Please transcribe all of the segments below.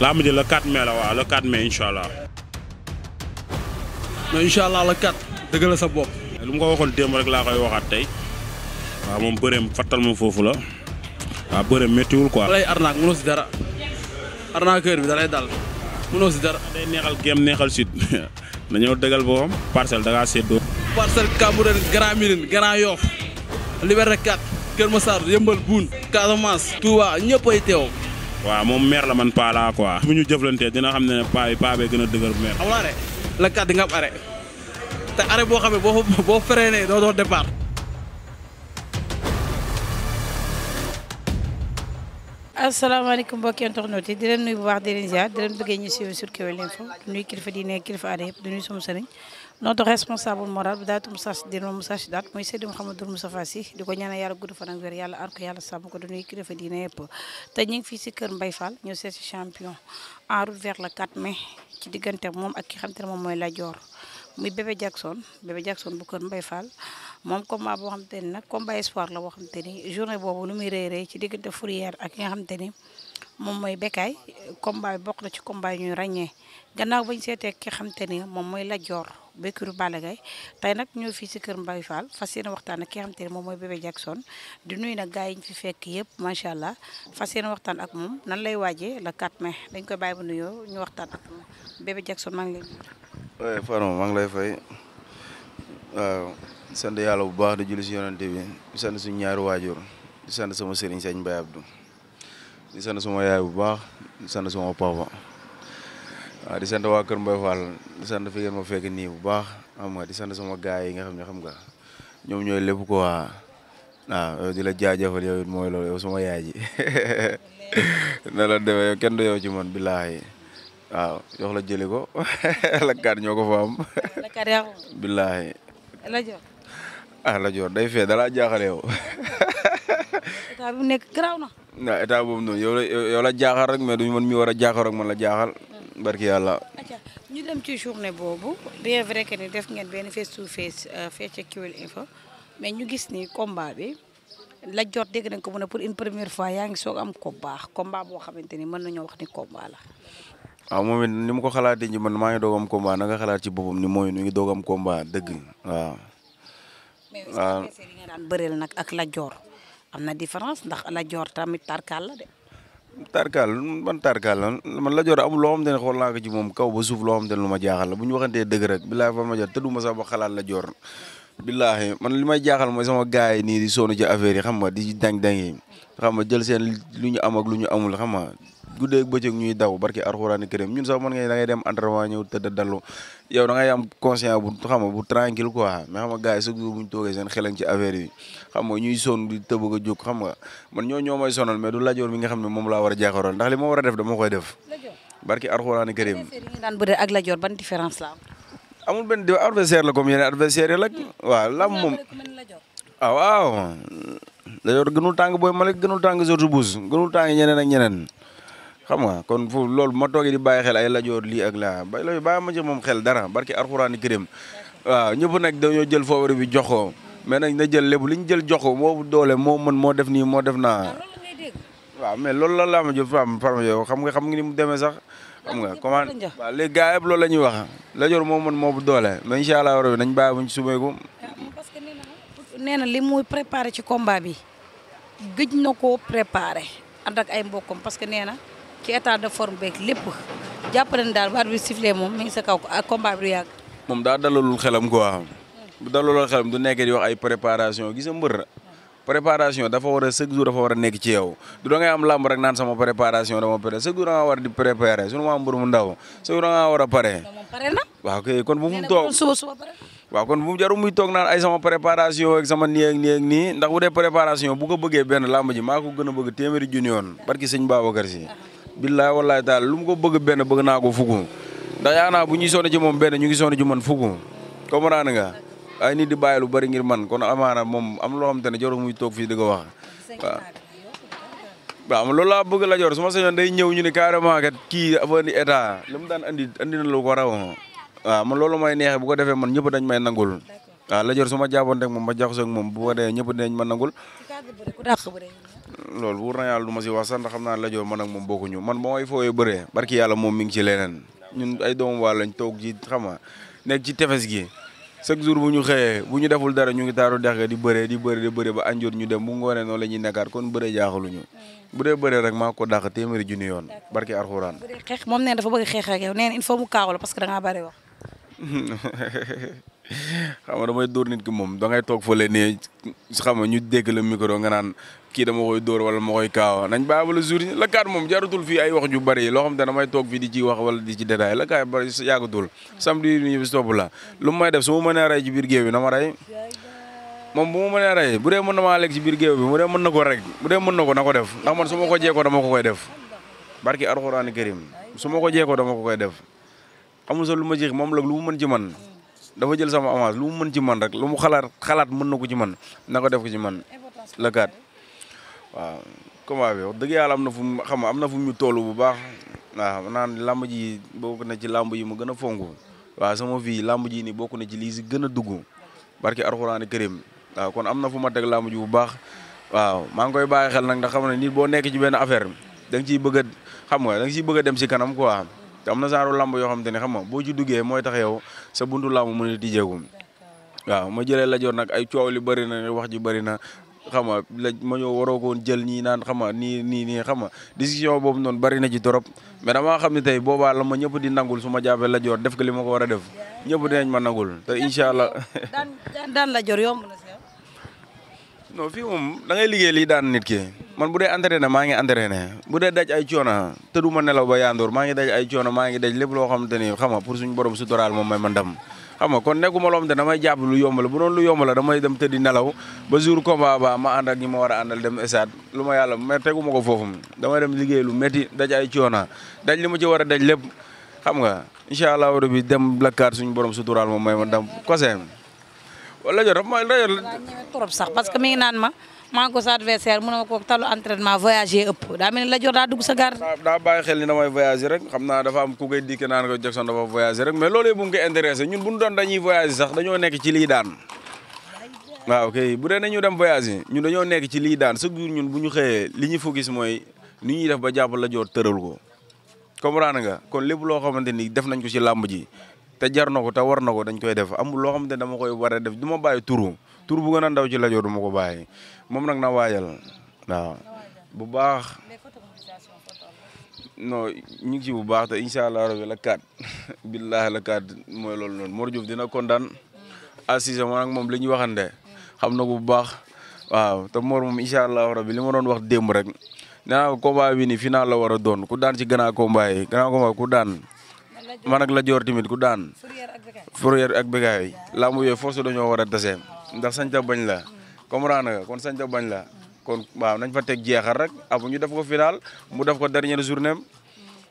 làmb ji le 4 mai la waaw le 4 mai incha allah. mais incha allah le sa bopp. lu mu ko waxoon démb rek laa koy waxaat tey waaw moom bëreem fattal ma foofu la waaw bëreem méttiwul quoi. lay arnaque mënoo si dara arnaqueur bi da lay dal mënoo si dara. day neexal géem neexal sud dañoo dëggal boppam parcelle da ngaa séddoo. parcelle Cambérène Grand Médine Grand Liberté 4 Kër Massar Yëmbal Boune Casamance Touba ñëpp teew. waaw moom meer la man paa laa quoi. bu ñu jëflantee dina xam ne paa yi gën a dëgër bu meer. amul arrêt la kat di nga am te arrêt boo xam ne boo boo freiné doo doon départ. asalaamaaleykum mbokki internautes yi di leen nuyu bu baax di leen ziar di leen bëggee ñu suivre sur Kewel Info di nuyu kilifa diine kilifa aada yëpp di nuyu notre responsable moral bi daatu Moustarchidine wal Moustarchidaat mooy Seydi Mouhamadou Moustapha Sy di ko ñaanal yàlla gudd fan ak wér yàlla aar ko yàlla sàmm ko dañuy kilifa diine te ñu ngi si kër Mbaye Fall ñu seet si champion en route vers le 4 mai ci diggante moom ak ki xam te ne moom mooy la Dior muy Bébé Jackson Bébé Jackson bu kër Mbaye Fall moom combat boo xam te ni nag combat espoir la boo xam te ni journée boobu lu muy rey rëy ci diggante fourrière ak ki nga xam te ni moom mooy Bécaye combat bokk na ci combat yi ñuy ràññee gannaaw bañ seetee ki xam te ne moom mooy Lat Dior Békiru Balla Gaye tey nag ñoo fii si kër Mbaye Fall fas yéene waxtaan ak ki moom mooy Bébé Jackson di nuyu nag gars yi ñu fi fekk yëpp macha allah fas yéene waxtaan ak moom nan lay waaje le 4 mai dañ koy bàyyi bu nuyoo ñu waxtaan ak moom Bébé Jackson maa ngi lay nuyu. Fano maa waaw sant yàlla bu baax di julli si yonante bi di sant suñu ñaari waajur di sant sama sëriñ Sëñ Mbaye Abdou. di sant suma yaay bu baax di sant suma papa waaw di sant waa Kër Mbaye Fall di sant fi ngeen fekk nii bu baax xam nga di sant suma gaay yi nga xam ne xam nga ñoom ñooy lépp quoi waaw di la jaajëfal yow it mooy loolu yow suma yaay ji na la demee kenn du yow man billaahi waaw jox la jëli ko lakkaat ñoo ko fa am. lakkaat billaahi. la ah, la joor day fee dalaa jaaxale yow. état bi mu nekk garaaw na. waaw état boobu yow la jaaxal rek mais duñu man mi war a jaaxal rek man la jaaxal. Hmm. barki yàlla. ñu dem ci journée boobu bien vrai que ni def ngeen benn face to face fee ca Kewel Info mais ñu gis ni combat bi la jot dégg nañ ko mën a pour une première fois yaa ngi soog am ko baax combat boo xamante ni mën nañoo wax ni combat la. waaw moom it ni mu ko xalaatee ji man maa ngi doog am combat a xalaat ci boppam ni mooy nu ngi doog am combat dëgg waaw. waaw nag ak la am na différence ndax la joor tamit tarkaal la de. tarkaal man tarkaal la man la joor amul loo xam ne xool naa ko ci moom kaw ba suuf loo xam lu ma jaaxal la bu ñu waxantee dëgg rek billaahi fa ma jot tëdduma sax ba xalaat la joor. billaahi man li ma jaaxal mooy sama gars yi nii di sonn ci affaire yi xam nga di dañ dang yi xam nga jël seen lu ñu am ak lu ñu amul xam nga guddee bëccëg ñuy daw barki alxuraani kërim ñun sax mën nga da dem entraînement ñëw tëdd dallu yow da ngay am bu xam nga bu tranquille quoi mais xam nga gars yi chaque jour bu ñu toogee seen xelan ci affaire yi xam nga ñuy sonn di tëbëg a jóg xam nga man ñoo ñoo may sonal du lajoor mi nga xam ne moom laa war a jaaxaroon ndax li ma war a def dama koy def barki alxuraani kërim ak lajoor ban différence la am amul benn adversaire la comme yeneen adversaire yi la waaw lam moom ah waaw tàng booy malik gënul tàng George ak ñeneen xam nga kon foofu loolu ma toogee di bàyyi xel ay lajoor lii ak laa ba ma ci moom xel dara barki alxuraani kërim waaw ñëpp nag dañoo jël favori bi jox ko mais nag na jël lépp li ñu jël joxo ko moo doole moo mën moo def nii moo def naa. Ah, waaw mais loolu la laa ma jël fam xam nga xam nga ni mu demee sax. xam nga comment waaw léegi gars yëpp loolu la ñuy wax lajoor moo mën moo doole mais incha allah bi nañ bàyyi buñ sumeeku. Ah, parce nee na li muy préparé ci komba bi gëj na ko préparé ànd ak ay mbokkam parce que nee na ci état de forme beeg lépp jàppale ne daal bu arbitre bi sifflé moom mi ngi du yàgg. moom daa dalalul xelam quoi bu dalalul xelam du nekkee di wax ay préparation gis nga mbër préparation dafa war a chaque war a nekk ci yow du am làmb rek naan sama préparation dama pare chaque jour da ngaa war di préparer sunu ma mbër mu ndaw war a pare. waaw kon bu mu toog waaw kon bu jaru muy toog naan ay sama préparation ak sama nii ak nii ak nii ndax bu dee préparation bu ko bëggee benn làmb ji maa ko gën a bëgg téeméeri junni yoon barki sëñ Babacar Si billaay wallaay taal lu mu ko bëgg benn bëgg naa ko fukk ndax yaa bu ñuy sonn ci moom benn ñu ngi sonn ci man fukk comprendre nga ay nit di bàyyi lu bari ngir man kon amaana moom am loo xam te ne jarul muy toog fii di ko wax waaw waaw loolu laa bëgg la jor su ma sañoon day ñëw ñu ne carrément kat kii andi état li mu daan andi andi na lu ko raw waaw man loolu may neexe bu ko defee man ñëpp dañ may nangul waaw Lat Dior su ma jaaboon rek moom ma jaxasoo ak moom bu ma dee ñëpp dinañ ma nangul. loolu wóor na yàlla du si wax sax xam naa Lat Dior man moom bokkuñu man ba may fooyee bëree barki yàlla moom mi ngi ci leneen ñun ay doomu waa lañ toog ji xam nekk ci tefes gi chaque jour bu ñu xëyee bu ñu deful dara ñu ngi taaru dex ga di bëree di bëri di ba anjoot ñu dem bu ngoonee noonu la ñuy nekkaat kon bëree jaaxaluñu bu dee bëree rek maa ko dàq téeméeri junni yoon xam nga damay dóor nit ki moom da ngay toog fële ne xam nga ñu dégg la micro nga naan kii dama koy dóor wala ma koy kaawa nañ bàyyi wala jour la kaat moom jaratul fii ay wax ju bëri loo xam te damay toog fii di ci wax wala di ci détail la kaay bëri yàggatul samedi ñu bis topp lu may def su ma mënee rey ci biir géew bi na ma rey moom bu ma mënee rey bu dee mën na maa lekk ci biir géew bi bu dee mën na ko rek bu dee mën na ko na ko def ndax man su ma ko jeekoo dama ko koy def barki alxuraani karim su ma ko jeekoo dama ko koy def amul sa lu ma jeex moom la lu mu mën ci man dafa jël sama avance lu mu mën ci man rek lu mu xalaat xalaat mën na ko ci man na ko def ko ci man la kat waaw combat bi wax dëgg yàlla am na fu mu xam am na fu mu toll bu baax waaw naan làmb ji bokk na ci làmb yi mu gën a fongu waaw sama fii làmb ji nii bokk na ci lii si gën a dugg barki arxuraani kërim waaw kon am na fu ma teg làmb ji bu baax waaw maa ngi koy bàyyi xel nag ndax xam ne nit boo nekk ci benn affaire da nga ciy bëgg xam nga da ci ciy bëgg a dem si kanam quoi te am na genre yoo xam te ne xam nga boo ci duggee mooy tax yow sa buntu lamb mu ne tijjeeku waaw ma jëlee Lat Dior nag ay coow li bëri na wax ji bëri na xam nga la ma ñëw jël ñii naan xam nga nii nii nii xam nga décision boobu noonu bëri na ci trop mais damaa xam ne tey boobaa la ma ñëpp di nangul su ma jàppee Lat def ko li ma ko war a def ñëpp dinañ ma nangul te incha allah. daan daan Lat Dior yomb na fii moom da ngay liggéey lii daan nit man bu dee entraîné maa ngi entraîné bu dee daj ay coono te du ma nelaw ba yaandoor maa ngi daj ay coono maa ngi daj lépp loo xamante ni xam nga pour suñu borom sutural moom may ma ndam xam kon nekkuma loo xamante damay jàpp lu yomb la bu doon lu yomb la damay dem tëddi nelaw ba jour combat ba ma ànd ak ñi ma war a àndal dem stade lu ma yàlla mais teguma ko foofu damay dem liggéey lu métti daj ay coono daj li ma ci war a daj lépp xam nga incha allah rabbi dem lakkaat suñu borom sutural moom may ma ndam kosee. wala rajo dafa may rajo trop sax parce que mi naan ma. maa ko sa adversaire mu ne ma ko talu entraînement voyager ëpp daa mel ni la jor daa dugg sa bàyyi xel ni damay voyager rek xam naa dafa am ku koy dikke naan ko Jackson dafa voyager rek mais loolu bu ngi koy intéressé ñun bu ñu doon dañuy voyager sax dañoo nekk ci daan waaw kay bu dee nañu dem voyager ñun dañoo nekk ci lii daan chaque ñun bu ñu xëyee li ñu fa gis mooy ni ñuy def ba jàpp la jor ko kom nga kon lépp loo xamante ni def nañ ko ci làmb ji te jar na ko te war na ko dañ koy def amul loo xamante ne dama koy war a def du ma bàyyi turu tur bu gën ndaw ci Lat Joor ko bàyyi moom nag na waajal bu baax non ñu ci bu baax te incha allah rabi la kaat la kaat mooy loolu noonu Mor Diouf dina kontaan Assis man ak moom li ñu waxande xam na ko bu baax waaw te Mor moom incha allah rabi li ma doon wax démb rek nee naa ko combat bi ni final la war a doon ku daan ci gannaaw combat yi gannaaw combat ku daan. man ak Lat tamit ku daan. Fourrière ak Bécaye Lamb force dañoo war a tase. ndax sañ ta bañ la kon sañ ta kon waaw nañ fa teg jeexal rek abu ah, ñu def ko final mu def ko dernière journée am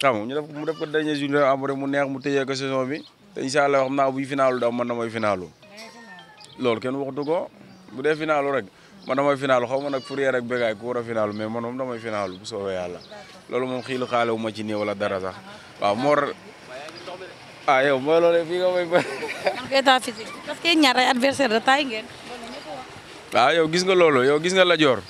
xam ñu mu def ko dernière journée am rek mu neex mu tëjee ko saison bi te incha allah xam na buy finaalu daaw man da finaalu loolu kenn waxtu ko bu dee finaalu rek man damay finaalu xaw ma nag Fourier ak Bégaay ku war a finaalu mais man moom damay finaalu bu soobee yàlla loolu moom xiilu xaale wu ma ci nii wala dara sax waaw Mor ah mooy loolu fii man ko état physique parce ah, yow gis nga loolu yow gis nga Lajoor.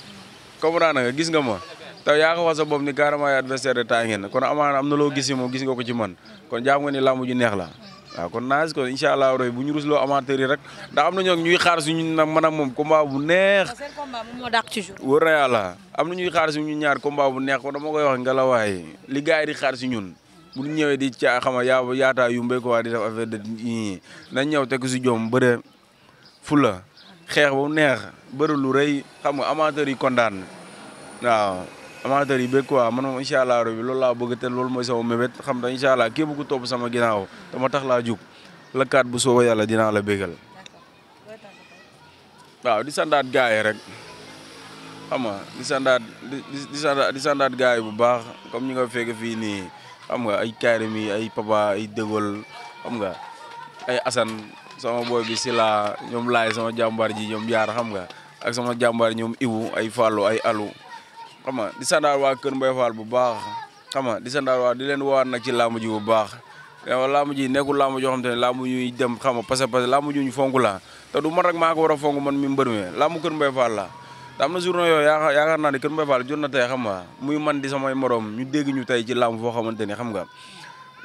comprendre nga gis nga ma. taw yaa ko wax sa bopp ni carrément ay adversaire da taay ngeen kon amaana am na loo gis moom gis nga ko ci man kon jàpp nga ni làmb ju neex la. waaw kon naaj ko incha allah bu ñu rusloo amateur yi rek ndax am na ñoo ñuy xaar suñu nag man ak moom moom moo dàq ci jour. wër na yàlla am na ñuy xaar suñu ñaar combat bu neex kon dama koy wax ngelawaay li gars yi di xaar si bu ñu ñëwee di caa xam nga yaa yaataa yumbe ko waa di def affaire ñëw teg si jom bëre fula xeex bu neex bëri lu rëy xam nga amateurs yi kontaan waaw amateurs yi bëgg quoi man moom incha allah rabbi loolu laa bëgg te loolu mooy sama mébét xam te incha allah képp ku topp sama ginnaaw dama tax laa jug la bu soobee yàlla dinaa la bégal waaw di rek xam nga di sandaat di di sandaat yi bu baax comme ñi nga fekk fii nii. xam nga ay Kairimi ay Papa ay Dégol xam nga ay Assane sama boy bi si laa ñoom laay sama jàmbaar ji ñoom yaar xam nga ak sama jàmbaar ñoom Ibu ay Fallou ay Alou xam nga di sandaar waa Kër Mbaye Fall bu baax xam di sandaar waa di leen woowaat nag ci laamu ji bu baax. waaw laamu ji nekkul laamu joo xam te ne laamu ñuy dem xam nga parce que parce que laamu ju ñu fonk la te du man rek maa ko war a man mi mbër mi laamu Kër Mbaye Fall la te am na journée yooyu yaakaar naa ne Kër Mbaye Fall jot na tey xam nga muy man di samay morom ñu dégg ñu tey ci làmb foo xamante ni xam nga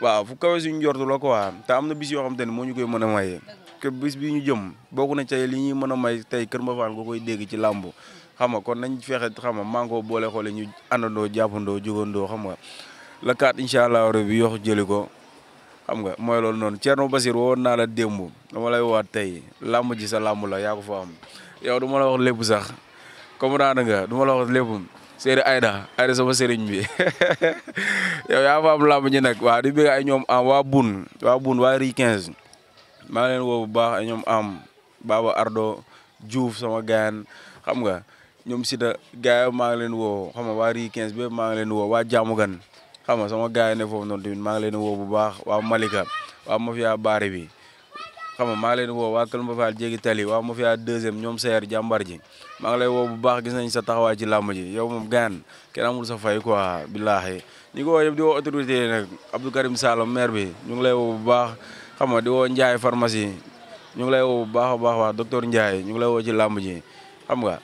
waaw fu kawe suñu jortu la quoi te am na bis yoo xamante ni moo ñu koy mën a maye. que bis bi ñu jëm bokk na li ñuy mën a may tey Kër Mbaye Fall nga koy dégg ci làmb xam nga kon nañ fexe xam nga maa ngi ñu àndandoo jàppandoo jógandoo xam nga la kaat incha allah rabbi yox jëli ko xam nga mooy loolu noonu Thierno Basir woo naa la démb dama lay waat tey làmb ji sa làmb la yaa ko fa am yow du ma la sax kom nga du ma la wax lépp Seydou Aida Aida sama sëriñ bi yow yaa fa am làmb ñi nag waa di bëgg am waa Bun waa Bun waa Ri maa leen woo bu baax ñoom am Baba Ardo Diouf sama gayan xam nga ñoom sita gars yi maa leen woo xam nga waa rii 15 bépp maa ngi leen woo waa Diamaguène xam nga sama gaay ne foofu noonu maa leen woo bu baax waa Malika waa Mafia Baare xam nga maa ngi leen di woo waa Kër Mbafal jéegi tali waa Mafia deuxième ñoom seer jàmbar ji maa ngi lay woo bu baax gis nañ sa taxawaay ci làmb ji yow moom gaan kenn amul sa fay quoi billaahi ñi ko woo yëpp di woo autorité yi nag Abdou Karim Sall maire bi ñu ngi lay woo bu baax xam nga di woo Ndiaye pharmacie ñu ngi lay woo bu baax a baax waa docteur Ndiaye ñu ngi lay woo ci làmb ji xam nga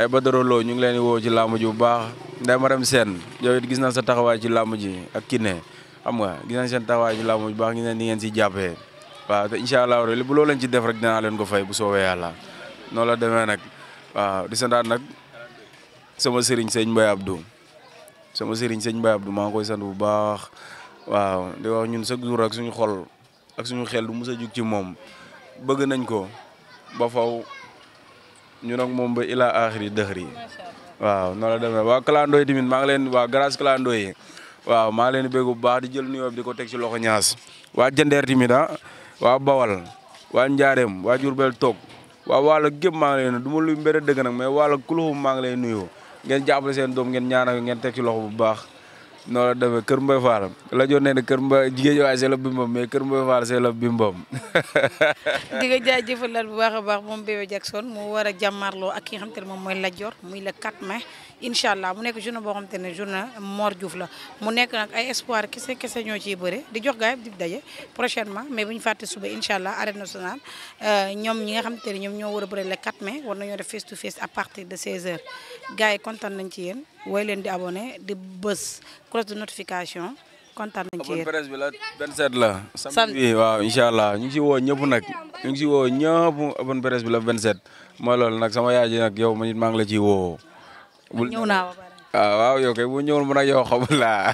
ay badaroloo ñu ngi leen di woo ci làmb ji bu baax Ndeye Marème Sène yow it gis nañ sa taxawaay ci làmb ji ak Kiné xam nga gis nañ seen taxawaay ci làmb ji bu baax gis nañ ni ngeen si jàppee waaw te incha allah bu loo leen ci def rek dinaa leen ko fay bu soobee yàlla noonu la demee nag waaw di santaat nag sama sëriñ sëñ Mbaye Abdou sama sëriñ sëñ Mbaye Abdou maa ngi koy sant bu baax waaw di wax ñun chaque jour ak suñu xol ak suñu xel du mus a jug ci moom bëgg nañ ko ba faw ñu nag moom ba ila axiri dëxri waaw noonu la demee waa clando yi tamit maa ngi leen waa grâce clando yi maa leen di bëgg bu baax di jël nuyoo bi di ko teg ci loxo ñaas waa jëndeer waa Bawal waa Njaareem waa Jurbel toog waa waalo gépp maa ngi lay du ma luy mbere dëgg nag mais waalo kuluxum maa ngi lay nuyoo ngeen jàppale seen doom ngeen ñaanal ngeen teg loxo bu baax noonu la demee Kër Mbaye Fall la joon nee ne Kër mba jigéen waay c'est la bimbam mais Kër Mbaye Fall c'est la bimbam. di nga jaajëfalal bu baax a baax moom Bébé Jackson mu war a jàmmarloo ak ki xam te moom mooy Lat Dior muy le 4 mai. incha allah mu nekk journée boo xam te ne journée Mor Diouf la mu nekk nag ay espoir kese kese ñoo ciy bëre di jox gaay di daje prochainement mais bu ñu fàtte suba incha allah arène nationale euh, ñoom ñi nga xam ne ñoom ñoo war a bëre le 4 mai war nañoo def face to face à partir de 16h gars yi kontaan nañ ci yéen woy leen di abonné di bës cloche de notification kontaan nañ ci yéen presse bi la 27 la samedi waaw incha allah ñu ngi si woo ñëpp nag ñu ngi si woo ñëpp open presse bi la 27 mooy loolu nag sama yaay ji maa ngi la ciy woo ñëw naa ah, waaw yow kay bu ñëwul mu nag yow xamulaa.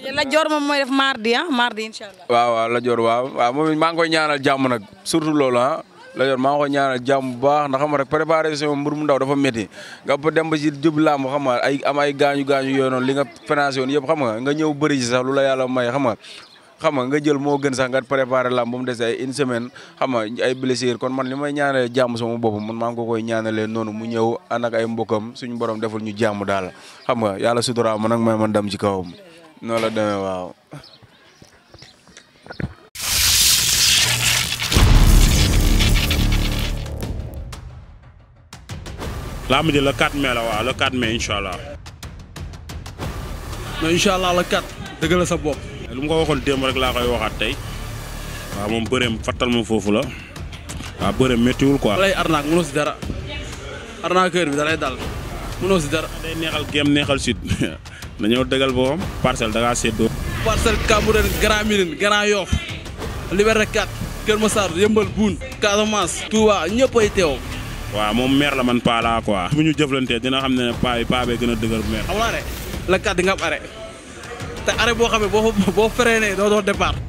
la joor ma mooy def mardi ah mardi incha allah. waaw lajoor waaw waaw moom maa ngi koy ñaanal jàmm nag surtout loolu ah. la joor maa ñaanal jàmm bu baax ndax xam nga rek préparation mbir mu ndaw dafa métti nga dem ba ci jub làmb xam ay am ay gaañu gaañu yooyu noonu li nga financé woon yëpp xam nga nga ñëw bëri ci sax lu la yàlla may xam nga xam nga nga jël moo gën sax nga préparer lamb bu des une semaine xam nga ay blessure kon man li may ñaanalee jàmm sama bopp man maa ngi ko koy ñaanalee noonu mu ñëw ànd ak ay mbokkam suñu borom deful ñu jàmm daal xam nga yàlla suturaa ma nag may man dam ci kawam noonu la demee waaw. lamb ji le la waaw le 4 mai incha allah. sa bopp. lu mu ko waxoon démb rek laa koy waxaat tey waaw moom bëreem fattal ma foofu la waaw bëreem méttiwul quoi. lay arnaak mënoo si dara arnaqueur bi dalay dal mënoo si dara. day neexal géem neexal sud dañoo dëggal boppam parcelle da ngaa séddoo. parcelle Cambérène Grand Médine Grand Yoff Liberté 4 Kër Massar Yëmbal Boune Casamance Touba ñëpp teew. waaw moom meer la man paa laa quoi. bu ñu jëflantee dina xam ne paa yi paa bee gën a dëggal la kat di nga te arrêt boo xam ne boo boo freiné doo doo départ.